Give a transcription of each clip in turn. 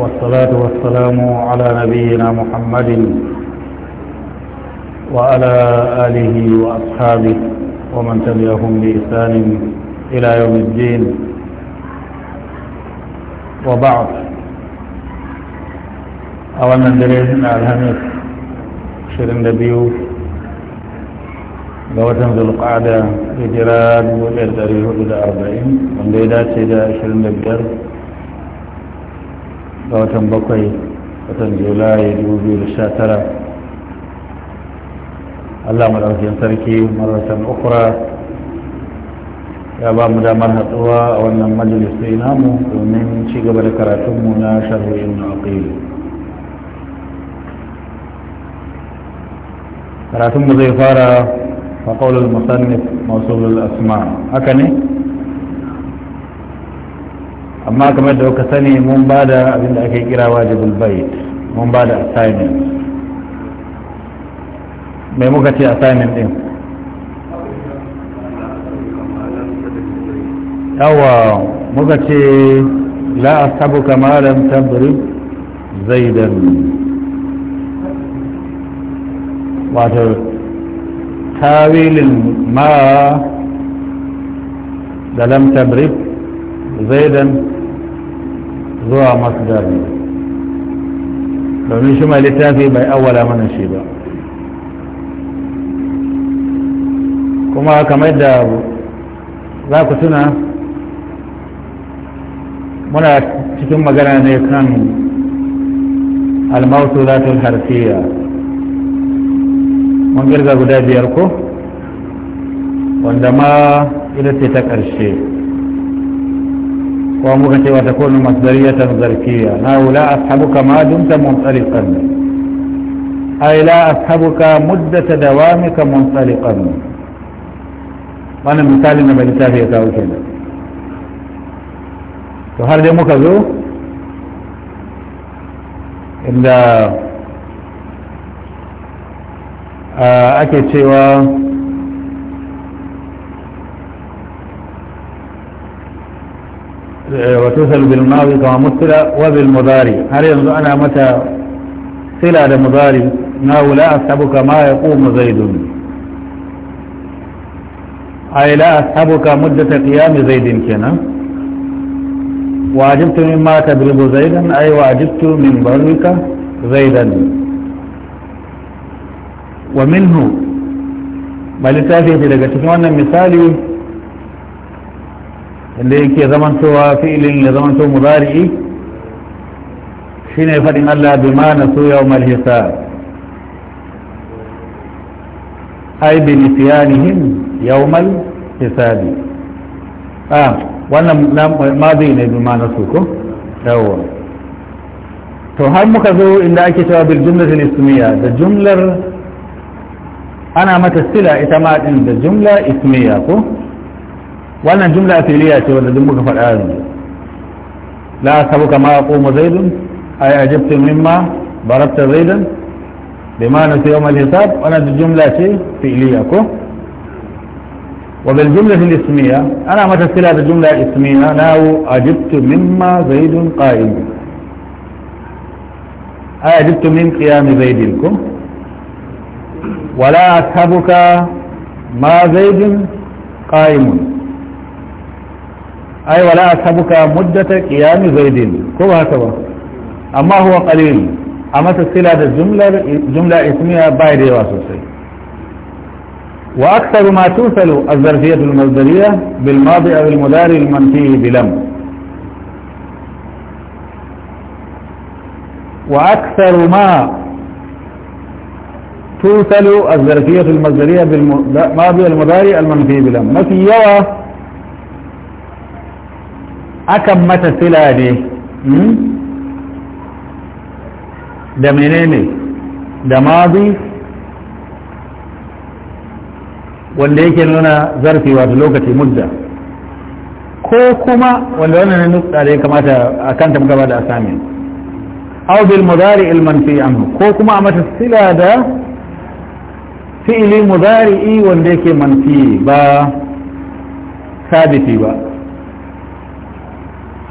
والصلاة والسلام على نبينا محمد وعلى آله وأصحابه ومن تبعهم بإحسان إلى يوم الدين وبعض أولا دليل من الهمس شرين دبيو بوتن ذو القعدة إجراد وإرداريه إلى أربعين من ديدات سيدة شرين دبيو ga watan bakwai watan julai 2019 allah madaukakin sarki maratan ukura ya ba mu damar hatsuwa a wannan majalisi namu domin ci gaba da karatunmu na sharhu'in na aqil karatunmu zai fara faƙaular musannif masu asma haka ne amma kamar da kuka sani mun ba da abinda ake kira wajibul bait mun ba da assignment mai muka ce assignment din yawa muka ce la asabu kamalan tabri zaidan wato tawilin ma da lam tabrib zaidan zuwa masdar ne domin shi mai littafi bai awwala mana shi ba kuma kamar da za ku tuna muna cikin magana ne kan almautu zatul harfiya mun girga guda biyar ko wanda ma ita ce ta ƙarshe وأمرك وتكون مصدرية ذلكية أو لا أصحبك ما دمت منطلقا أي لا أصحبك مدة دوامك منطلقا وأنا مثال ما بلتابي يتاو كده فهل دي مكذو إلا آه، أكيد شيئا وتسأل بالماضي كما مثل وبالمضارع هل ينظر أنا متى صلة لمضاري أنه لا أصحبك ما يقوم زيد أي لا أصحبك مدة قيام زيد كنا وعجبت مما تضرب زيدا أي وعجبت من برك زيدا ومنه بل تافي لك تكون مثالي inda yake zamantowa filin ya zamanto mudari'i shine fadin Allah bi bima nasu yawmal hisab ai bi nisyanihim yawmal hisabi A wannan mazi ne bi bima nasu ko Yawon. to har muka zo inda ake cewa bil jumlatil ismiya da jumlar ana mata sila ita ma din da jumla ismiya ko wannan jumla filiya ce wanda duk muka faɗa yanzu la sabuka ma yaqumu zaidun ay ajabtum mimma barabta zaidan bima nasu yawm al-hisab wannan duk jumla ce filiya ko وبالجملة الاسمية أنا ما تسكلها بالجملة الاسمية ناو أجبت مما زيد قائم أي أجبت من قيام زيدكم ولا أسحبك ما زيد قائم أي ولا أسحبك مدة قيام زيد كما هكذا أما هو قليل أما تسيل هذا الجملة جملة اسمية بايد واسوسي وأكثر ما توصل الظرفية المزدرية بالماضي أو المداري المنفي بلم وأكثر ما توصل الظرفية المزدرية بالماضي المداري المنفي بلم ما في يواسوسي akan mata sila ne hmm? da menene da mazi wanda yake nuna zarfi wato lokaci mudda ko kuma wanda wannan nutsa da ya kamata a kanta muka ba da asamin aw bil mudari ilman fi anhu ko kuma a mata sila da fi'ili mudari'i wanda yake manfi ba sabiti ba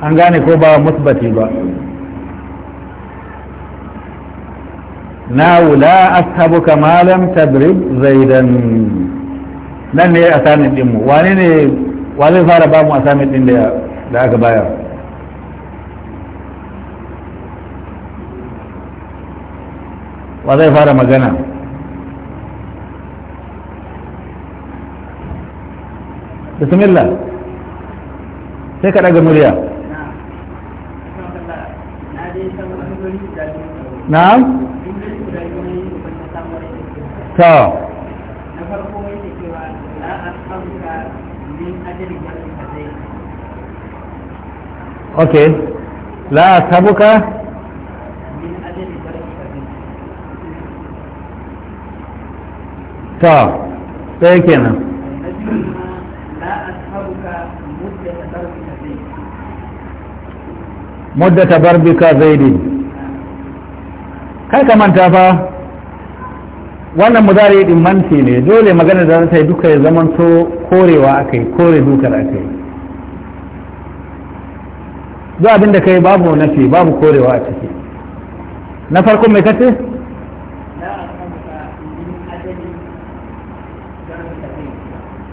an gane ko ba musbati ba na wula ashabuka malam tadrib zaidan nan ne a din mu wane ne wa fara ba mu asamin din da aka bayar wa zai fara magana bismillah sai ka daga murya na'am ta ok la tabuka ta sai kenan مدة ضربك زيد kan ka manta fa wannan mudari din manti ne dole magana da ta yi duka ya zamanto korewa aka yi kore dukar aka yi duk abin da kai babu nafi babu korewa a ciki na farko mai kace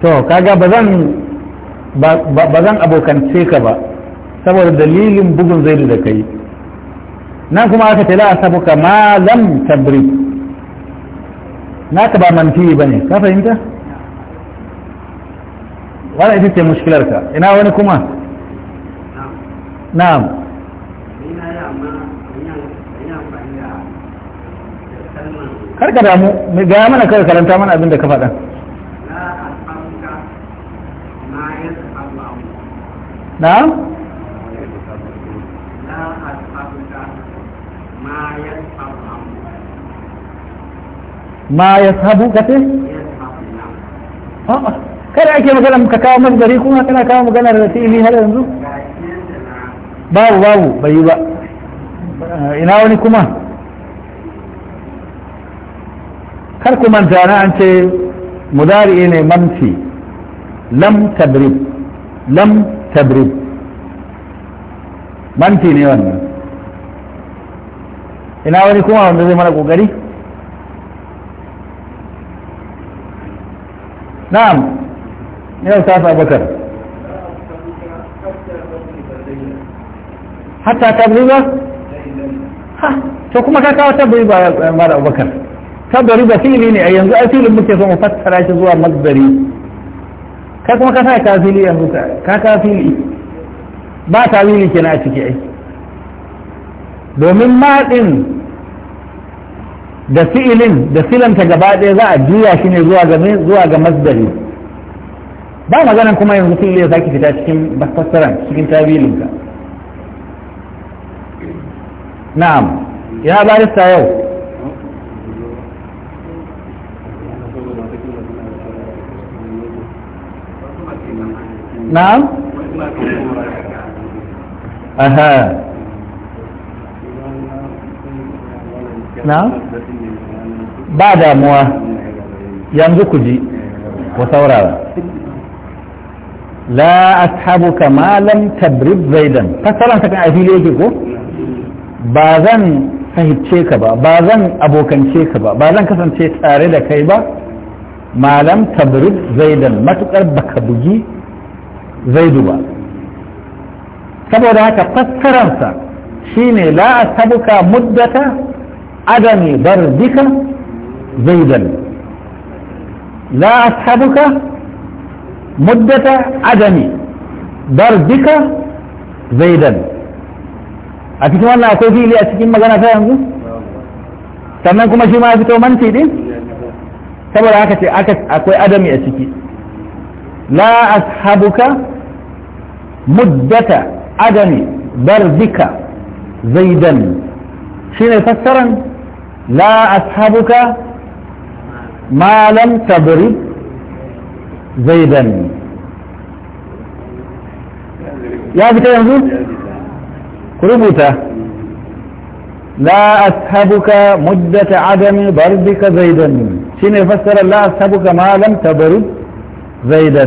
to kaga ba zan ba zan abokance ka ba saboda dalilin bugun zaidu da kai nan kuma aka ce la sabuka ma lam tabri naka ba manfi bane ka fahimta wala ita ce mushkilar ka ina wani kuma na'am karka damu gaya mana kawai karanta mana abin da ka faɗa na'am ma ya sabu ka ce kada ake magana ka kawo masdari kuma kana kawo maganar da fi'ili har yanzu babu babu bai yi ba ina wani kuma kar kuma manta na an ce mudari ne mamci lam tabrib lam tabrib mamci ne wannan ina wani kuma wanda zai mana kokari na'am yau ta bakar hatta tabriba ha to kuma ka kawo tabriba mara bakar tabriba fili ne a yanzu ai filin muke so mu fassara shi zuwa mazdari kai kuma ka sa ka fili yanzu ka ka fili ba tawili kenan na ciki ai domin ma din da fi'ilin da silanta gaba ɗaya za a juya shi ne zuwa ga zuwa ga masdari ba maganan kuma yanzu fi'ili ya zaki fita cikin fassaran cikin ka. na'am ya barista yau na'am aha na'am ba damuwa yanzu ku ji ku saurara la ashabu kama lam tabrib zaidan fasaran ta kan afili yake ko ba zan fahimce ka ba ba zan abokance ka ba ba zan kasance tare da kai ba malam tabrib zaidan matukar baka bugi zaidu ba saboda haka fassararsa shine la ashabuka muddata adami dika. زيدا لا أسحبك مدة عدم دربك زيدا أتكلم أن أقول فيه لي أتكلم مجانا فاهم sannan kuma shi ma ya fito manti din saboda haka ce akwai adami a ciki la ashabuka muddata adami darbika zaidan shine fassaran la ashabuka ما لم تضرب زيدا يا بتا ينزل كربوتا لا أسحبك مدة عدم ضربك زيدا شنو يفسر لا أسحبك ما لم تضرب زيدا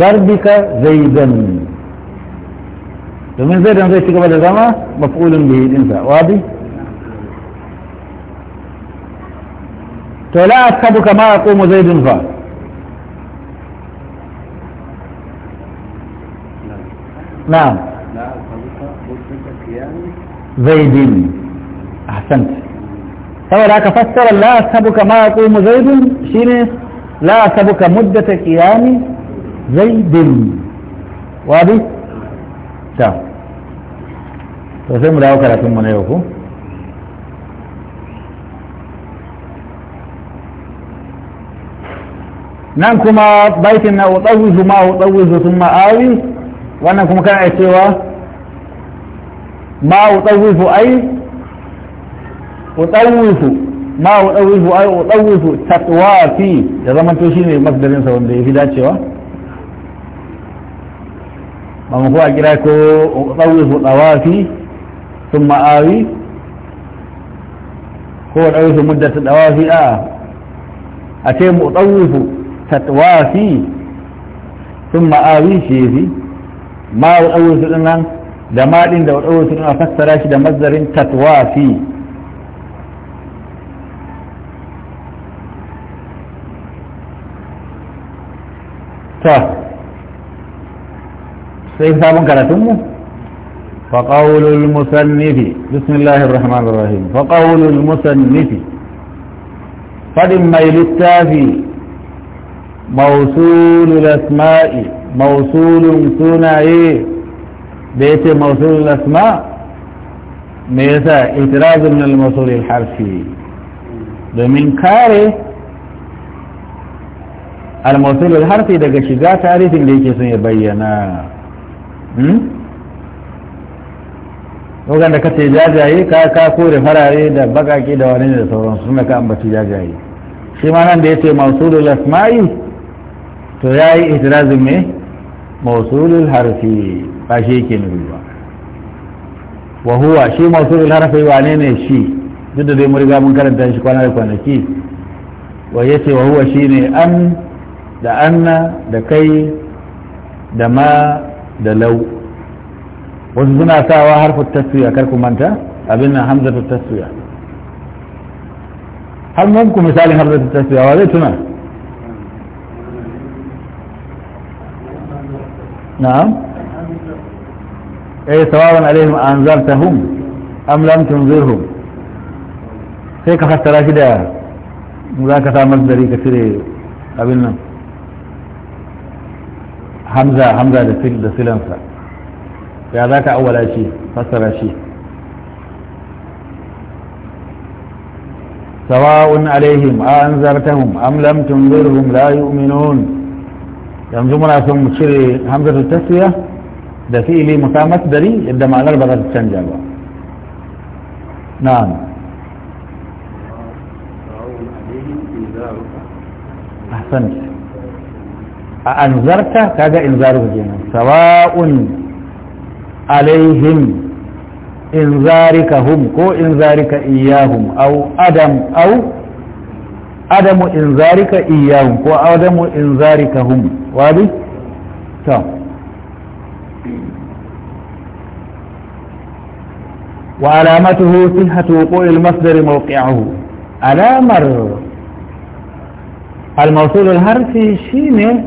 ضربك زيدا ومن زيد زيد تقبل الرمى مفعول به الانفاء واضح فلا اكتبك ما يقوم زيد فا نعم زيد احسنت طبعا لك فسر لا اكتبك ما يقوم زيد شيني لا اكتبك مدة قيامي zaidin wadi ta to sai mu dawo karatun mu na yau ko nan kuma baitin na utsawizu ma utsawizu sun ma'awi wannan kuma kana cewa ma utsawizu ai utsawizu ma utsawizu ai utsawizu tatwafi ya zamanto shine masdarin sa wanda ya fi dacewa ba mu kuwa kira ko tsawifu ɗawafi sun ma'awi ko tsawifu muddata ɗawafi a a ce mu tsawifu tatwafi sun ma'awi shi yafi ma wa tsawifu ɗin nan da maɗin da wa tsawifu ɗin a fassara shi da mazarin tatwafi ta sai sabon karatunmu فقول المسنف بسم الله الرحمن الرحيم فقول المسنف فدم ميل التافي موصول الأسماء موصول سنعي بيت موصول الأسماء ميسا اعتراض من الموصول الحرفي ومن كاره الموصول الحرفي daga shiga tarihin da yake Hmm? da ka ce jajaye ka ka kore farare da bakake da wani da sauransu suna ka ambaci jajaye shi ma nan da ya ce mausulul asma'i to ya yi itirazin me mausulul harfi ba shi yake nufi ba wa huwa shi mausulul harfi wa ne shi duk da dai mun riga mun karanta shi kwana da kwanaki wa ce wa huwa ne an da anna da kai da ma da lau wasu suna sawa harfin taswiya kar ku manta abin nan hamzatu taswiya har nan ku misalin hamzatu taswiya wa zai tuna na'am eh sawawan alaihim anzartahum am lam tunzirhum sai ka fassara shi da za ka sa masdari ka cire abin nan حمزة حمزة da silansa ya za ka awwala شيء fassara shi سواء عليهم أنذرتهم أم لم تنذرهم لا يؤمنون ينظمنا ثم تشري حمزة التسوية ده في لي مسامة دري يبدأ معنى البغة تشنجا نعم أحسنت أأنذرت كذا إنذاره جينا سواء عليهم إنذارك هم كو إنذارك إياهم أو أدم أو أدم إنذارك إياهم كو أدم إنذارك هم واضح؟ تمام وعلامته صحة وقوع المصدر موقعه علامة الموصول الحرفي شينه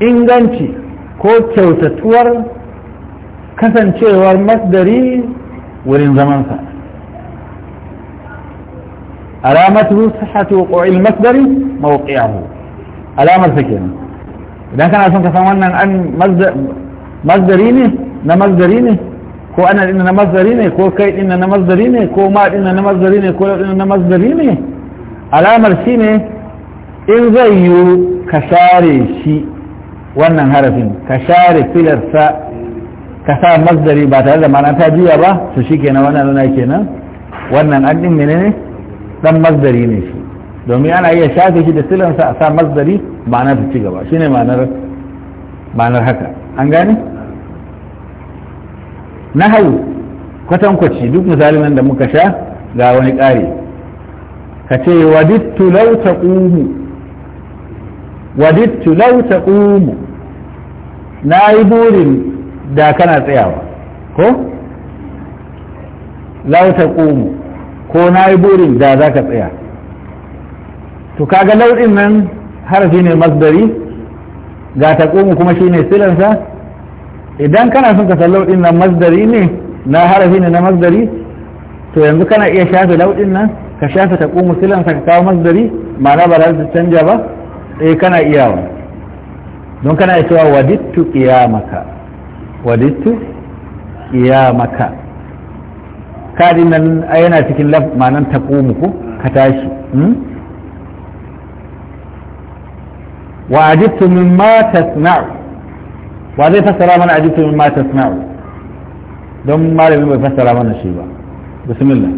inganci ko kyautatuwar kasancewar masdari wurin zamansa alamatu sihhatu wuqu'il masdari mawqi'ahu alamar sa kenan idan kana son ka san wannan an masdari ne na masdari ne ko ana dinna na masdari ne ko kai dinna na masdari ne ko ma dinna na masdari ne ko dinna na masdari ne alamar shine in zai yiwu ka share shi wannan harafin ka share filarsa ka sa mazdari ba tare da ma'ana ta juya ba su shi kenan wannan nuna kenan wannan an ɗin ne. dan mazdari ne shi domin ana iya shafe shi da silansa a sa mazdari ma'ana ta ci gaba shine ne ma'anar haka an gane hau kwatankwaci duk misalin nan da muka sha ga wani ƙari ka ce wadittu law taqumu wadittu law taqumu na yi burin da kana tsayawa ko law taqumu ko na burin da za tsaya to kaga lauɗin nan harafi ne masdari ga kuma shine silansa idan kana son ka san nan masdari ne na harafi ne na masdari to yanzu kana iya shafe lauɗin nan ka shafe taqumu silansa ka kawo masdari ma'ana ba za ta canja ba eh kana iyawa don kana cewa wadittu qiyamaka wadittu qiyamaka kadin nan yana cikin laf ma'anan taqumu ko ka tashi hmm? wa ajibtu mimma tasna'u wa zai fassara mana ajibtu mimma tasna'u don malami bai fassara mana shi ba bismillah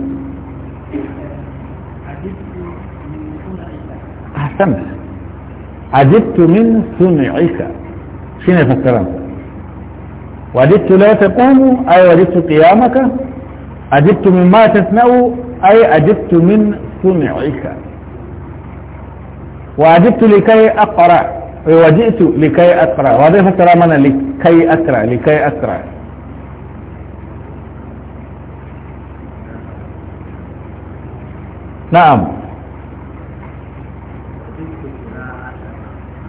ahsan عجبت من صنعك شنو الكلام؟ وجدت لا تقوم أي وجدت قيامك عجبت مما تسمع أي عجبت من صنعك وعجبت لكي أقرأ وجئت لكي أقرأ وهذا الكلام من لكي أقرأ لكي أقرأ نعم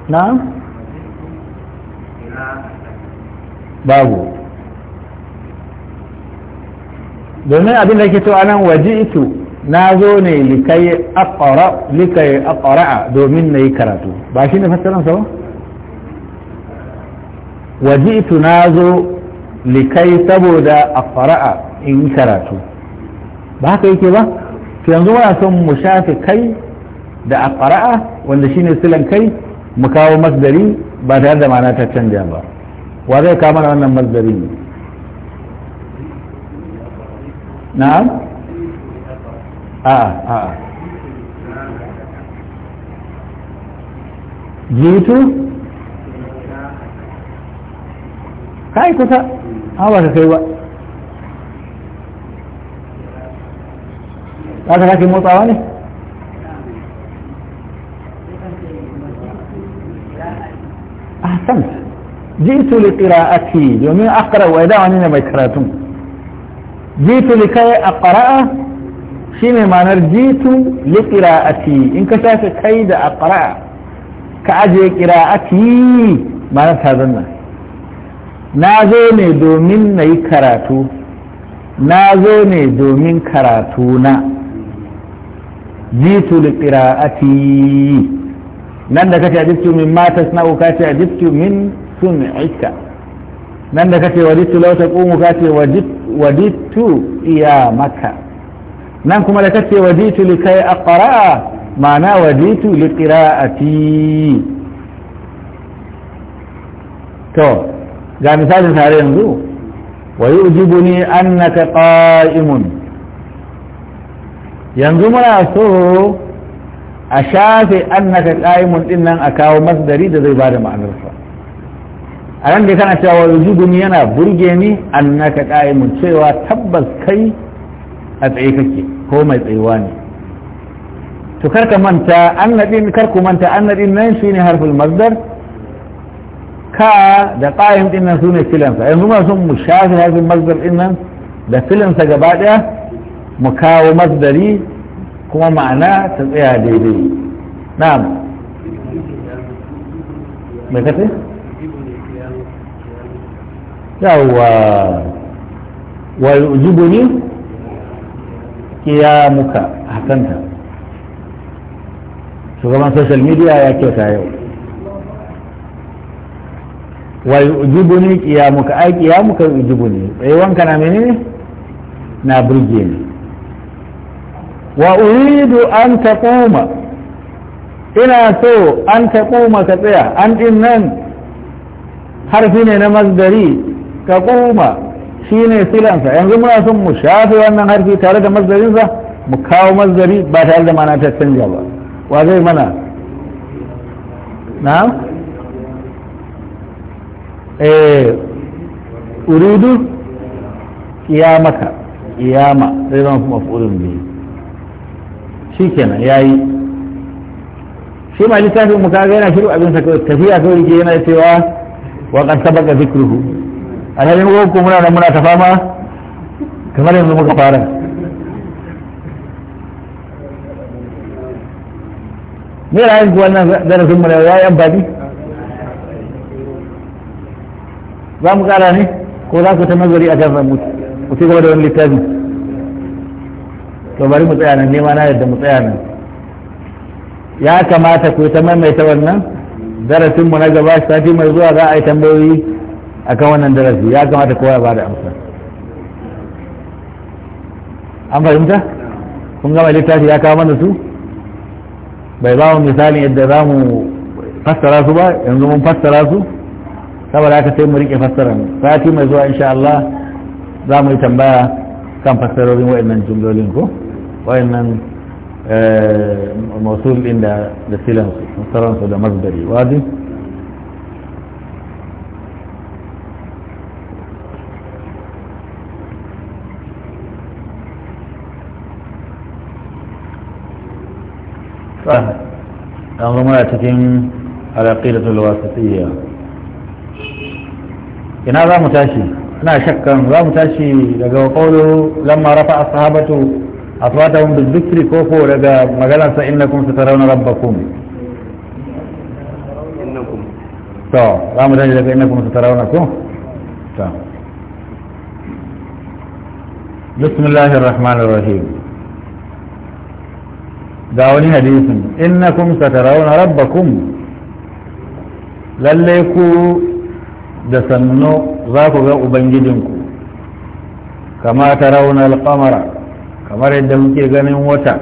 na babu domin abin da ke to anan waje ito na zo ne likai akara'a domin na yi karatu ba shi ne fassaransa ba waje ito na zo likai saboda akara'a in karatu ba haka yake ba yanzu muna son mu shafe kai da akara'a wanda shine silan kai mu kawo masdari ba tare da ma'ana ta canja ba wa zai kawo mana wannan masdari ne na'am a'a a jitu kai kusa ba ta kai ba za ta kashe motsawa ne can jitu li qira'ati domin aqra wa da wani ne mai karatu jitu li kai aqra'a shine ma'anar jitu li qira'ati in ka kai da aqra'a ka aje qira'ati ma'anar ta zanna na ne domin na karatu nazo ne domin karatu na jitu li qira'ati nan da kace ajibtu min ma tasna'u kace ajibtu min sun'ika nan da kace wajidtu law taqumu kace wajidtu maka nan kuma da kace wajitu likai aqra'a ma'ana wajitu liqira'ati to ga misalin tare yanzu wa yujibuni annaka qa'imun yanzu muna so a shafe annaka qa'imun din nan a kawo masdari da zai bada ma'anar sa a nan da kana cewa yujibuni yana burge ni annaka qa'imun cewa tabbas kai a tsaye kake ko mai tsayuwa ne to karka manta annadin karku manta annadin nan shine harful masdar ka da qa'im din nan sune filansa yanzu ma sun mu shafe harfin masdar din nan da filansa gaba ɗaya mu kawo masdari kuma ma'ana ta tsaya daidai na'am mai kace yawwa wa yujibuni kiyamuka hakanta shugaban social media ya kyauta yau wa yujibuni kiyamuka ai kiyamuka yujibuni eh, wanka na menene na burge ni wa uridu an taquma ina so an taquma ka tsaya an din nan harfi ne na masdari taquma shine silansa yanzu muna son mu shafe wannan harfi tare da masdarinsa mu kawo masdari ba tare da mana ta canja ba wa zai mana na eh uridu kiyamaka kiyama zai zama mafulun biyu shi kenan ya yi shi ma littafin mu kaga yana shiru abin sa tafiya kawai rike yana cewa wa kan sabaka zikruhu a halin ko muna nan muna ta fama kamar yanzu muka fara me ra'ayin ku wannan darasin mu ya yi amfani za mu kara ne ko za ku ta nazari a kan mu ci gaba da wani littafi to bari mu tsaya nan ma na yadda mu tsaya nan ya kamata ku ta maimaita wannan darasin mu na gaba sati mai zuwa za a yi tambayoyi akan wannan darasi ya kamata kowa ya ba da amsa an fahimta kun gama littafi ya kawo mana su bai ba mu misalin yadda za mu fassara su ba yanzu mun fassara su saboda haka sai mu rike fassara sati mai zuwa insha Allah za mu yi tambaya kan fassarorin waɗannan jumlolin ko wayannan eh, mausul din da da silan su da masdari wadi an zama a cikin alaƙidatul wasatiyya ina za mu tashi ina shakkan za mu tashi daga kawo lamma rafa ashabatu أصواتهم بالذكر كوكو لقى مقالا فإنكم سترون ربكم إنكم طو رامو تاني لقى إنكم سترونكم طو بسم الله الرحمن الرحيم دعوني حديث إنكم سترون ربكم لليكو دسنو ذاكو غا أبنجدنكو كما ترون القمر kamar yadda muke ganin wata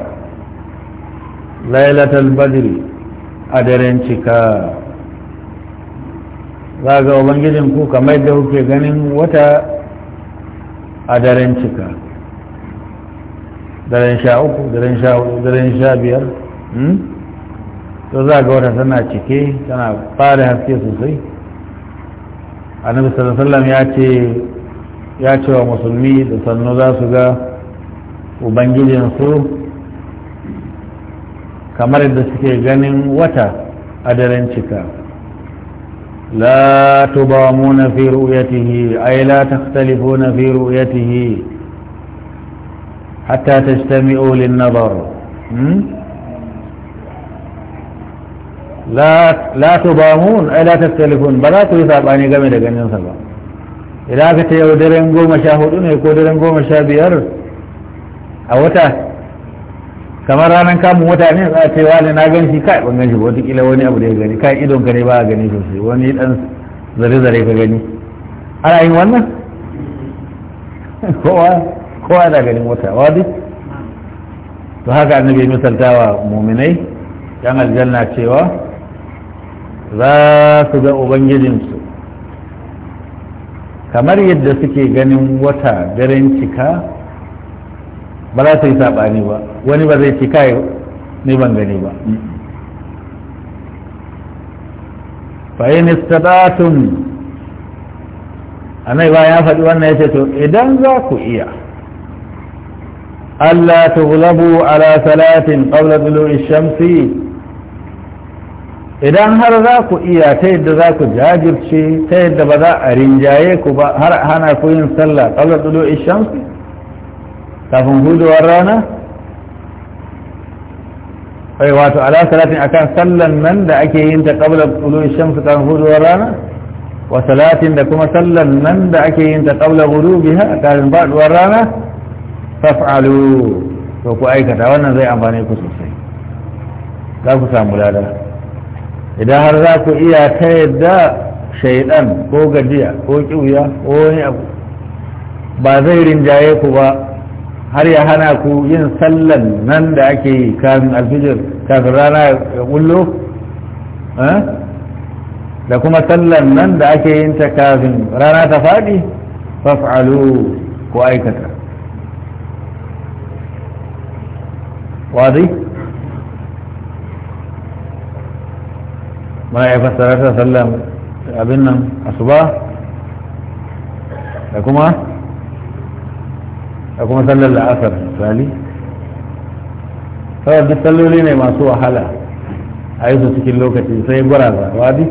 lailatul badri a daren cika za ga ubangijin ku kamar yadda kuke ganin wata a daren cika daren sha uku daren sha hudu daren sha biyar hmm? to za ga wata tana cike tana fara haske sosai annabi sallallahu alaihi wasallam ya ce ya ce wa musulmi da sannu za su ga ubangijinsu kamar da suke ganin wata a daren cika la tubamuna fi ru'yatihi ay la takhtalifuna fi ru'yatihi hatta tajtami'u lin-nazar hmm? la la tubamun ay la takhtalifun ba za ku yi saɓani game da ganin sa ba idan aka ta yau daren goma sha hudu ne ko daren goma sha biyar a wata kamar ranar kamun wata ne za a ce wani na gan shi kai ban gan shi wataƙila wani abu da ya gani kai idon ka ne ba a gani sosai wani dan zare-zare ka gani ana yin wannan kowa kowa da ganin wata wadi to haka annabi misaltawa muminai yan aljanna cewa za su ga ubangijinsu kamar yadda suke ganin wata daren cika ba za su yi saɓani ba wani ba zai ce kai ni ban gani ba fa'in a nai ba ya faɗi wannan ya ce to idan za ku iya Allah tughlabu ala salatin qabla dulu'i shamsi idan har za ku iya ta yadda za ku jajirce ta yadda ba za a rinjaye ku ba har hana ku yin sallah qabla dulu'i shamsi kafin huduwar rana kai wato ala salatin akan sallan nan da ake yin ta qabla tulu'i shamsu kan huduwar rana wa salatin da kuma sallan nan da ake yin ta qabla ghurubiha kan baduwar rana faf'alu to ku aikata wannan zai amfane ku sosai za ku samu lada idan har za ku iya ta yadda shaidan ko gajiya ko kiwuya ko wani abu ba zai rinjaye ku ba har ya hana ku yin sallan nan da ake yi kafin alfijir kafin rana ya kullo eh? da kuma sallan nan da ake yin ta kafin rana ta faɗi faf'alu ko aikata wadi muna ya fassara ta sallan abin nan asuba da kuma da kuma sallar la'asar misali saboda duk salloli ne masu wahala a yi su cikin lokaci sai a wadi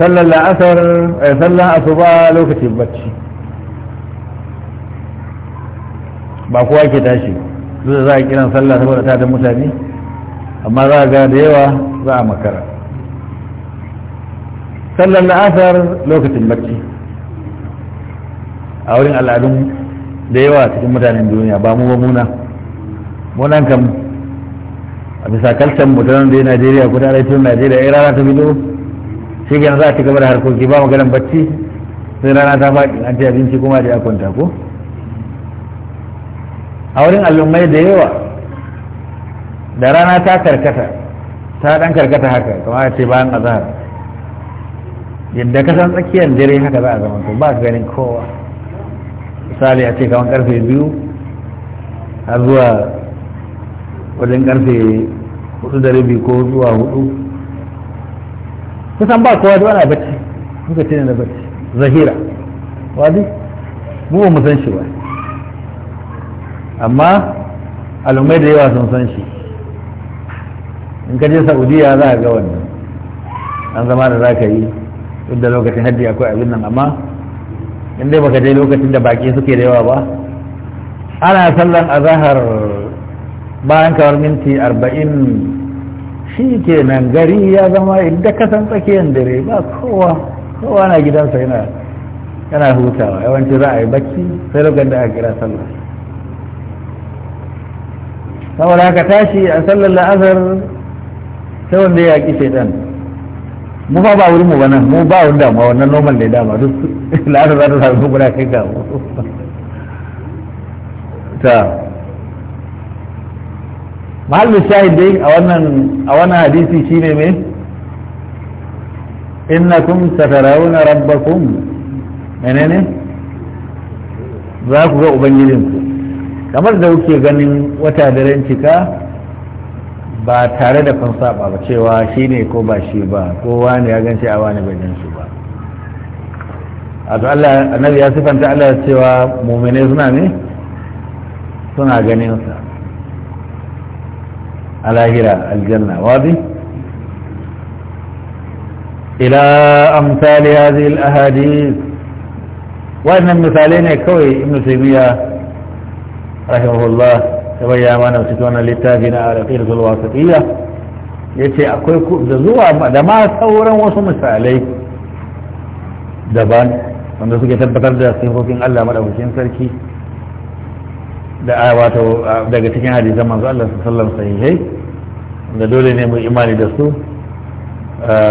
sallar la'asar eh, sallar asuba lokacin bacci ba kowa ke tashi su da za a kiran sallar saboda ta da mutane amma za a ga da yawa za a makara sallar la'asar lokacin bacci a wurin al'adun da yawa cikin mutanen duniya ba mu ba muna munan kam a bisa kalcan mutanen da najeriya ko da laifin najeriya ya rana ta bido shi kenan za a ci gaba da harkoki ba ganin bacci sai rana ta faɗi an ci abinci kuma da ya kwanta ko a wurin al'ummai da yawa da rana ta karkata ta dan karkata haka kamar ce bayan azahar yadda ka san tsakiyar dare haka za a zama ba ganin kowa misali a ce kamar karfe biyu har zuwa wajen karfe hudu da rabi ko zuwa hudu kusan ba kowa da wani bacci muka ce ne na bacci zahira wadi mu ba mu san shi ba amma al'ummai da yawa sun san shi in ka je saudiya za a ga wannan an zama da za ka yi duk da lokacin hajji akwai abin nan amma in dai baka je lokacin da baki suke da yawa ba ana sallan azahar bayan kawar minti arba'in shi ke nan gari ya zama inda kasan tsakiyar dare ba kowa kowa na gidansa yana yana hutawa yawanci za a yi bacci sai lokacin da a kira sallah saboda haka tashi a sallar la'azar sai wanda ya yaƙi shaidan mu ba ba wurin mu ba nan mu ba wani damuwa wannan normal ne dama duk la'ada za ta sami guda kai ga ta mahallin shahid dai a wannan a wannan hadisi shine me innakum satarawna rabbakum menene za ku ga ubangijinku kamar da kuke ganin wata daren cika ba tare da kun saba ba cewa shi ne ko ba shi ba ko wani ya ganci a wani bai gan shi ba a to Allah annabi ya sifanta Allah cewa mu'mine suna ne suna ganin sa alahira aljanna wadi ila amsali hadhihi alahadith wannan misalai ne kawai ibn taymiya rahimahullah ta bayyana mana cikin wannan littafi na su zulwasatiyya ya ce akwai da zuwa da ma sauran wasu misalai daban wanda suke tabbatar da sifofin Allah madaukakin sarki da wato daga cikin hadisan manzo Allah sallallahu alaihi sahihai da dole ne mu imani da su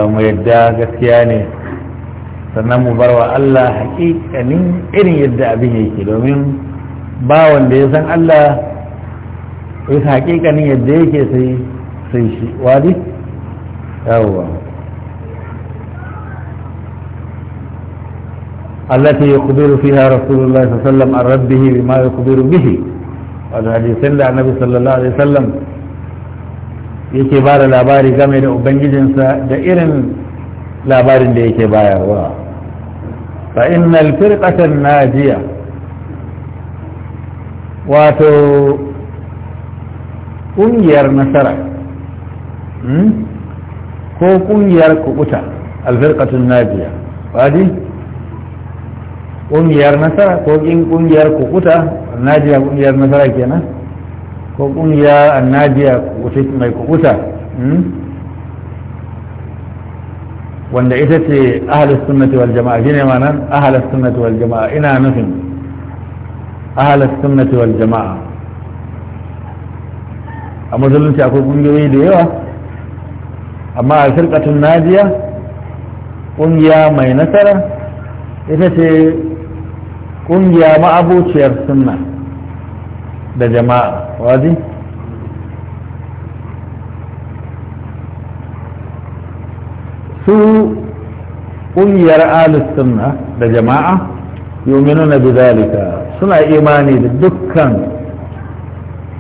mu yadda gaskiya ne sannan mu barwa Allah hakikanin irin yadda abin yake domin ba wanda ya san Allah is haƙiƙanin yadda yake sai sai shi wadi yawwa التي يخبر فيها رسول الله صلى الله عليه وسلم عن ربه بما يخبر به والحديث عن النبي صلى yake ba da labari game da ubangijinsa da irin labarin da yake bayarwa fa innal firqatan najiya wato Hmm? ƙungiyar nasara ko ƙungiyar kubuta alfirƙatun najiya ƙwadi ƙungiyar nasara ko ƙungiyar kubuta najiya ƙungiyar nasara kenan ko ƙungiyar annajiya mai kubuta hmm? wanda ita ce ahalus sunnati wal jama'a shine ma'anar ahalus sunnati wal jama'a ina nufin ahalus sunnati wal jama'a a musulunci akwai ƙungiyoyi da yawa amma a firkatun najiya ƙungiya mai nasara ita ce ƙungiya ma'abuciyar sunna da jama'a wazi su ƙungiyar alis sunna da jama'a na bi zalika suna imani da dukkan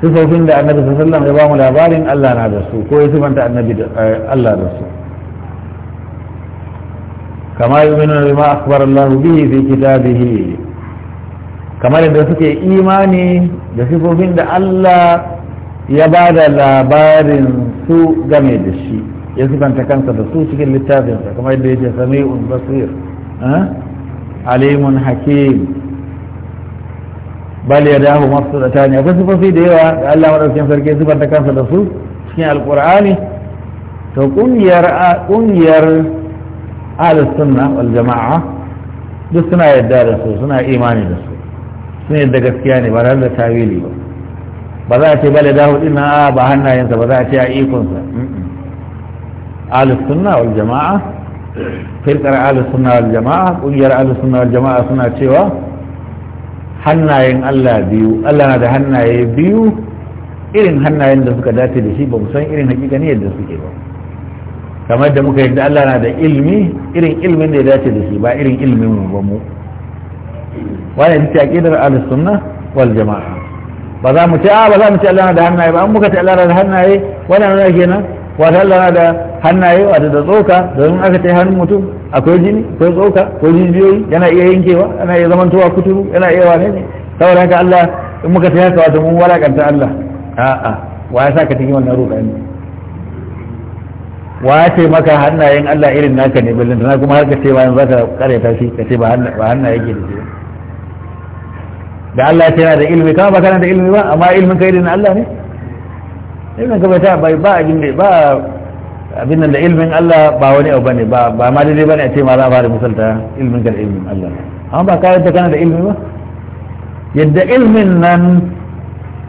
sifofin da annabi sallallahu alaihi ya mu labarin Allah na da su ko ya sifanta annabi da eh, Allah da su kama yu'minuna bima akhbara Allah bihi fi kitabihi kamar yadda suke imani da sifofin da Allah ya ba da labarin su game da shi ya sifanta kansa da su cikin littafinsa kamar yadda yake sami'un basir eh, alimun hakim bal ya dahu mafsudatani akwai sifofi da yawa da Allah madaukakin sarki sifanta kansa da su cikin Alkur'ani? to kungiyar kungiyar ahlus sunna wal jama'a duk suna yadda da su suna imani da su sun yadda gaskiya ne ba da tawili ba ba za a ce bale dahu din na ba hannayensa ba za a ce a ikonsa ahlus sunna wal jama'a firqar sunna wal jama'a kungiyar ahlus sunna wal jama'a suna cewa hannayen Allah biyu Allah na da hannaye biyu irin hannayen da suka dace da shi ba mu san irin hakika ne yadda suke ba kamar da muka yadda Allah na da ilmi irin ilmin da ya dace da shi ba irin ilmin mu ba mu wannan ita aqidar al-sunna wal jama'a ba za mu ce a ah, ba za mu ce Allah na da hannaye ba an muka ce Allah na da hannaye wannan ne kenan wata lana da hannaye wata da tsoka domin aka ce hannun mutum akwai jini akwai tsoka akwai jijiyoyi yana iya yankewa yana iya zamantowa kuturu yana iya wane ne saboda haka Allah in muka ta haka wata mun walakanta Allah a'a wa ya saka cikin wannan roƙa ne wa ce maka hannayen Allah irin naka ne billin na kuma haka ce bayan zaka kareta shi ka ce ba hannaye yake da shi da Allah ya ce yana da ilimi kama ba kana da ilimi ba amma ilimin ka irin Allah ne ilmin ka ta bai ba abin da ba abin da ilmin Allah ba wani abu bane ba ba ma daidai bane a ce ma za a bada misalta ilmin ka da ilmin Allah amma ba ka yadda kana da ilmi ba yadda ilmin nan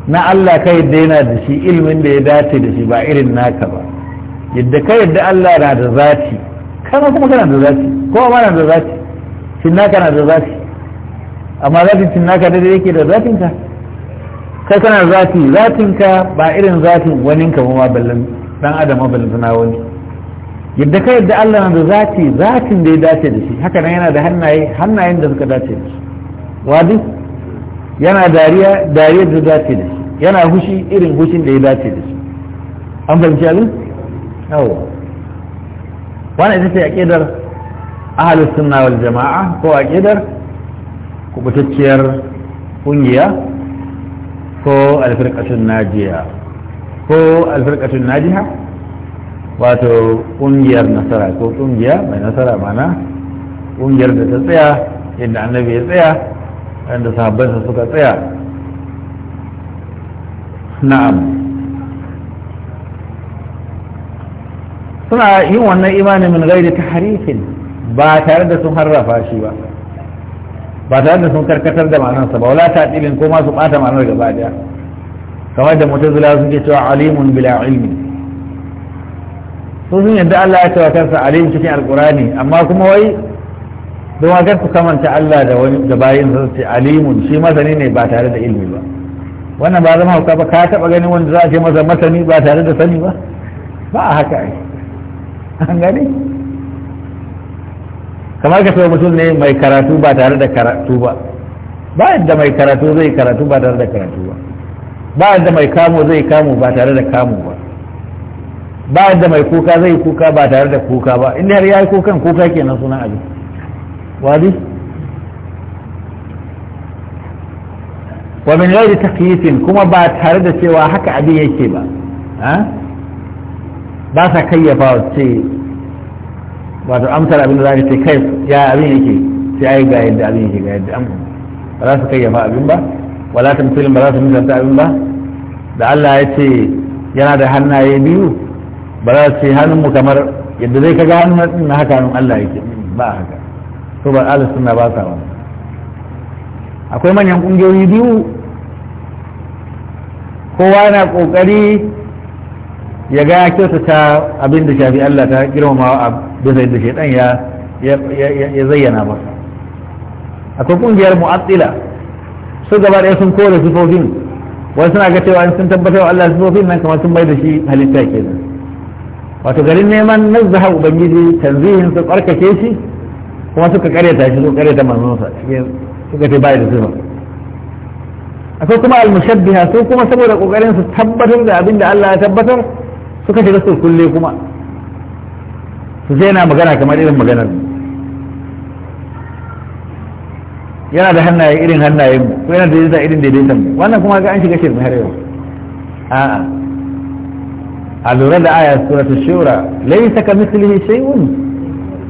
na Allah ka yadda yana da shi ilmin da ya dace da shi ba irin naka ba yadda ka yadda Allah na da zati kana kuma kana da zati kowa ma na da zati shin naka na da zati amma zati shin naka daidai yake da zatin ka? kai kana zafi zafinka ba irin zafin waninka ba maballin dan adam maballin na wani yadda ka yadda Allah na da zafi zafin da ya dace da shi haka nan yana da hannaye hannayen da suka dace da shi wadi yana dariya dariya da dace da shi yana hushi irin hushin da ya dace da shi an fahimci abin yawa wannan ita ce aqidar ahlus sunna wal jama'a ko a aqidar kubutacciyar ƙungiya. ko alfirkatun najiya ko alfirkatun najiha wato ƙungiyar nasara ko ƙungiya mai nasara mana ƙungiyar da ta tsaya yadda annabi ya tsaya inda sahabbansa suka tsaya na'am suna yin wannan imanin min gairi ta harifin ba tare da sun harrafa shi ba ba tare da sun karkatar da ma'anarsa ba wala ta'dilin ko ma su bata ma'anar gaba daya kamar da mutazila suke cewa alimun bila ilmi sun yadda Allah ya cewa kansa alim cikin alqurani amma kuma wai don wajen ku kamanta Allah da wani da bayin sa ce alimun shi masani ne ba tare da ilmi ba wannan ba zama hauka ba ka taba ganin wanda za a ce masa masani ba tare da sani ba ba a haka ai an gani kamar ka sai mutum ne mai karatu ba tare da karatu ba ba yadda mai karatu zai karatu ba tare da karatu ba ba yadda mai kamo zai kamo ba tare da kamo ba ba yadda mai kuka zai kuka ba tare da kuka ba inda har ya yi kukan kuka kenan suna abin wadi wa min ghairi takyifin kuma ba tare da cewa haka abin yake ba ba sa kayyafa ce wato amsar abin da za ka ce kai ya abin yake sai ai ga yadda abin yake ga yadda amma ba za su kai kayyafa abin ba wala tamthilin ba za su misalta abin ba da Allah ya ce yana da hannaye biyu ba za su ce hannun mu kamar yadda zai kaga hannun na haka hannun Allah yake ba haka to ba Allah suna ba sa wani akwai manyan kungiyoyi biyu kowa na kokari ya ga ya ta abin da shafi Allah ta girmama wa a bisa yadda shaidan ya ya zayyana ba akwai kungiyar mu'attila su gaba ɗaya sun kore sifofin wani suna ga cewa sun tabbatar wa Allah sifofin nan kamar sun bai da shi halitta ke nan wato garin neman nazzaha ubangiji tanzihin su tsarkake shi kuma suka karyata shi su karyata manzonsa suka ce bai da sifa akwai kuma al-mushabbiha su kuma saboda kokarin su tabbatar da abin da Allah ya tabbatar suka shiga sun kulle kuma su zai na magana kamar irin maganar yana da hannaye irin hannayen mu ko yana da daidaita irin daidaitan mu wannan kuma ga an shiga shirin har yau a'a a lura da aya suratu shura laysa ka mislihi shay'un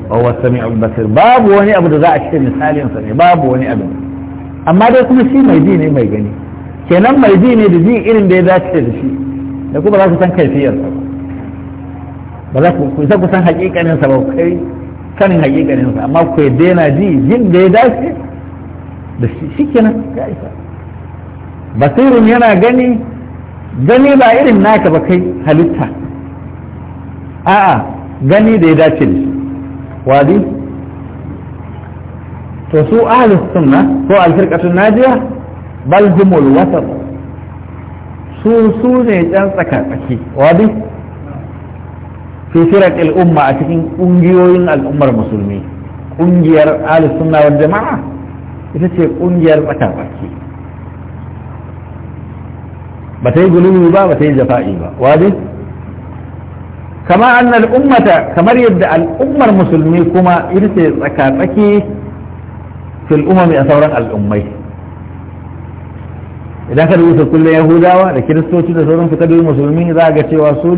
wa huwa samiul basir babu wani abu da za a ce misalin sa ne babu wani abu amma dai kuma shi mai ji ne mai gani kenan mai ji ne da ji irin da ya dace da shi da kuma za su san kaifiyar sa ba za ku isa kusan hakikanin sa ba kai sanin hakikanin sa amma ku daina ji jin da ya dace da shi kenan ya isa basirun yana gani gani ba irin naka ba kai halitta a'a gani da ya dace da shi wadi to su ahlus sunna ko alfirqatun najiya bal humul wasat su su ne can tsaka tsaki wadi fi firar al'umma a cikin ƙungiyoyin al'ummar musulmi ƙungiyar ahlus sunna wal jama'a ita ce ƙungiyar tsakatsaki ba ta yi gulumi ba ba ta yi jafa'i ba wajib kama annal ummata kamar yadda al'ummar musulmi kuma ita ce tsakatsaki fil umami a sauran al'ummai idan ka dubi kullum yahudawa da kiristoci da sauransu musulmi za ga cewa su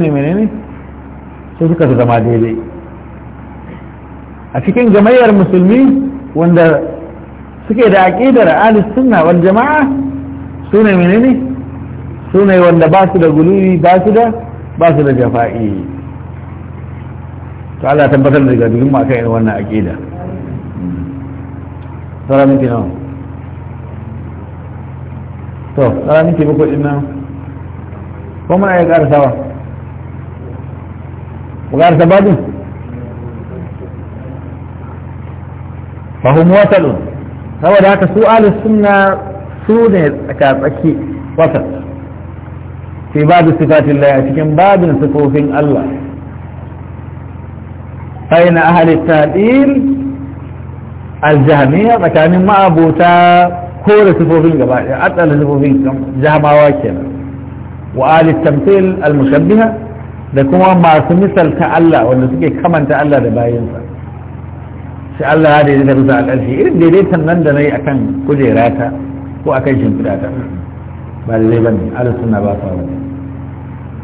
sai suka fi zama daidai a cikin gamayyar musulmi wanda suke da aƙidar alis sunna wal jama'a su ne menene su ne wanda ba su da gululi ba su da ba su da jafa'i ta Allah tabbatar da gajirin ma kan wannan aƙida sara miki nawa to sara miki bakwai din nan ko muna ya ƙara sawa وغير تبادل فهم وصلوا هو ذاك سؤال السنة أكاد أكي وصل في بعض صفات الله لكن بعض صفوف الله أين أهل التعليل الجهمية مكان ما أبوتا كل صفوفين قبائل أطلع صفوفين جهماوات وآل التمثيل المشبهة da kuma masu misalta Allah wanda suke kamanta Allah da bayansa sai Allah ya daidaita bisa a ƙarshe irin daidaitan nan da na yi akan kujera ta ko akan shimfiɗa ta ba da zai bane ala suna ba sa wani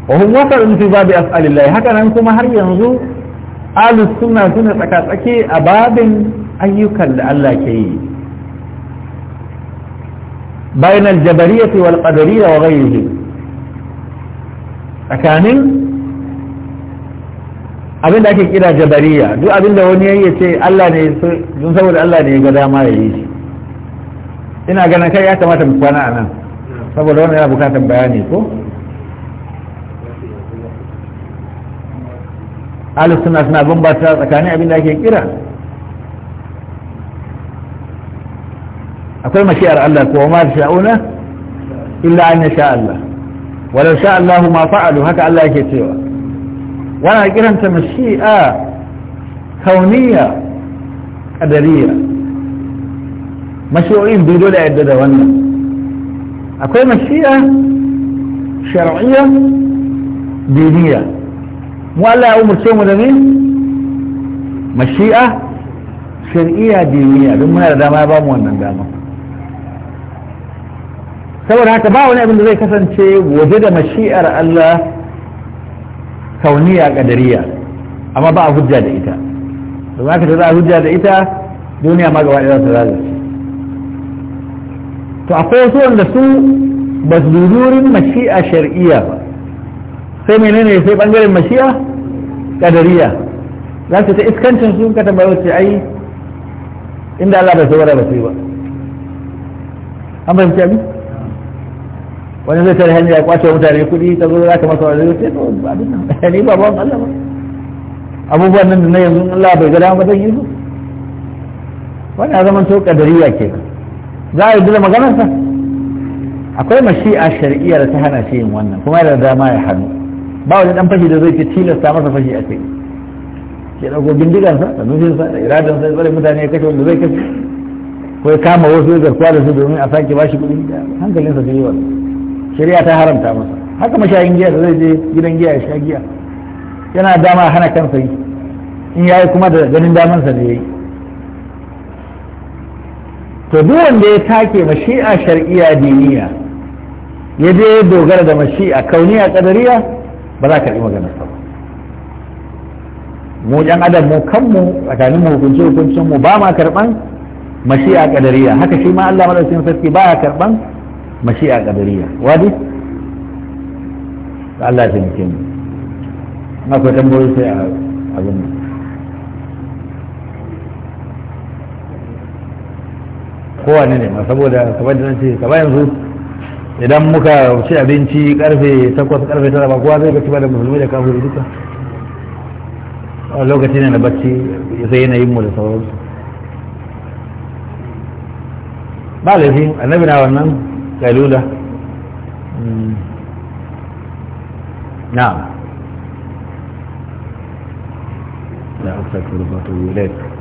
wa hum in fi babi as'alillahi haka nan kuma har yanzu ala suna suna tsaka-tsake a babin ayyukan da Allah ke yi bayan aljabariyyati wal qadariyya wa ghayrihim tsakanin abin da ake kira jabariya duk abin da wani ya ce Allah ne sun saboda Allah ne ya ga dama ya yi shi ina ganin kai ya kamata mu kwana a nan saboda wannan yana bukatar bayani ko ahlus sunna suna bambata tsakanin abin da ake kira akwai mashiyar Allah ko ma sha'una illa an sha Allah walau sha Allah ma fa'alu haka Allah yake cewa wana kiranta mashi'a kauniya kadariya mashi'o'in biyu dole yadda da wannan akwai mashi'a shar'iyya diniya mu Allah ya umarce mu da ne mashi'a shar'iyya diniya don muna da dama ya wannan dama saboda haka ba wani abin da zai kasance waje da mashi'ar Allah kauniya kadariya amma ba a hujja da ita domin haka za a hujja da ita duniya ma gaba ɗaya za ta lalace to akwai wasu wanda su ba su dudurin mashi'a shar'iyya ba sai menene sai bangaren mashi'a kadariya za su ta iskancin su ka tambaya wace ai inda Allah bai so ba ba su yi ba an fahimci abin wani zai tare hanyar kwace mutane kuɗi ta zo za ka masa wani zai to ba ni ba Allah ba abubuwan nan da na yanzu Allah bai ga dama dan yi su wani ya zama to kadariya ke za a yi dila maganar sa akwai mashi'a shari'iyya da ta hana shi yin wannan kuma da dama ya hannu ba wani dan fashi da zai ce tilasta masa fashi a kai ke dago bindigansa da nufinsa da sa tsare mutane ya kashe wanda zai kashe ko ya kama wasu ya garkuwa da su domin a sake bashi kuɗi hankalinsa zai yi wannan shari'a ta haramta masa haka mashayin giya da zai je gidan giya ya sha giya yana dama hana kansa yi in ya yi kuma da ganin damansa da ya yi to duk wanda ya take mashi'a shari'a diniya ya je dogara da mashi'a kauniya kadariya ba za ka yi magana ba mu yan adam mu kanmu tsakanin mu hukunce hukuncin mu ba ma karban mashi'a kadariya haka shi ma Allah madaukakin sarki baya karban mashi'a qadariya wadi Allah ya taimake mu akwai tambayoyi sai a abin kowane ne ma saboda kamar da nan ce kamar yanzu idan muka ci abinci karfe 8 karfe 9 ba kowa zai ga ba da musulmi da kafiri duka a lokaci ne na bacci sai yanayin mu da sauransu ba laifin annabi na wannan kalula na'am لا أستغفر الله إليك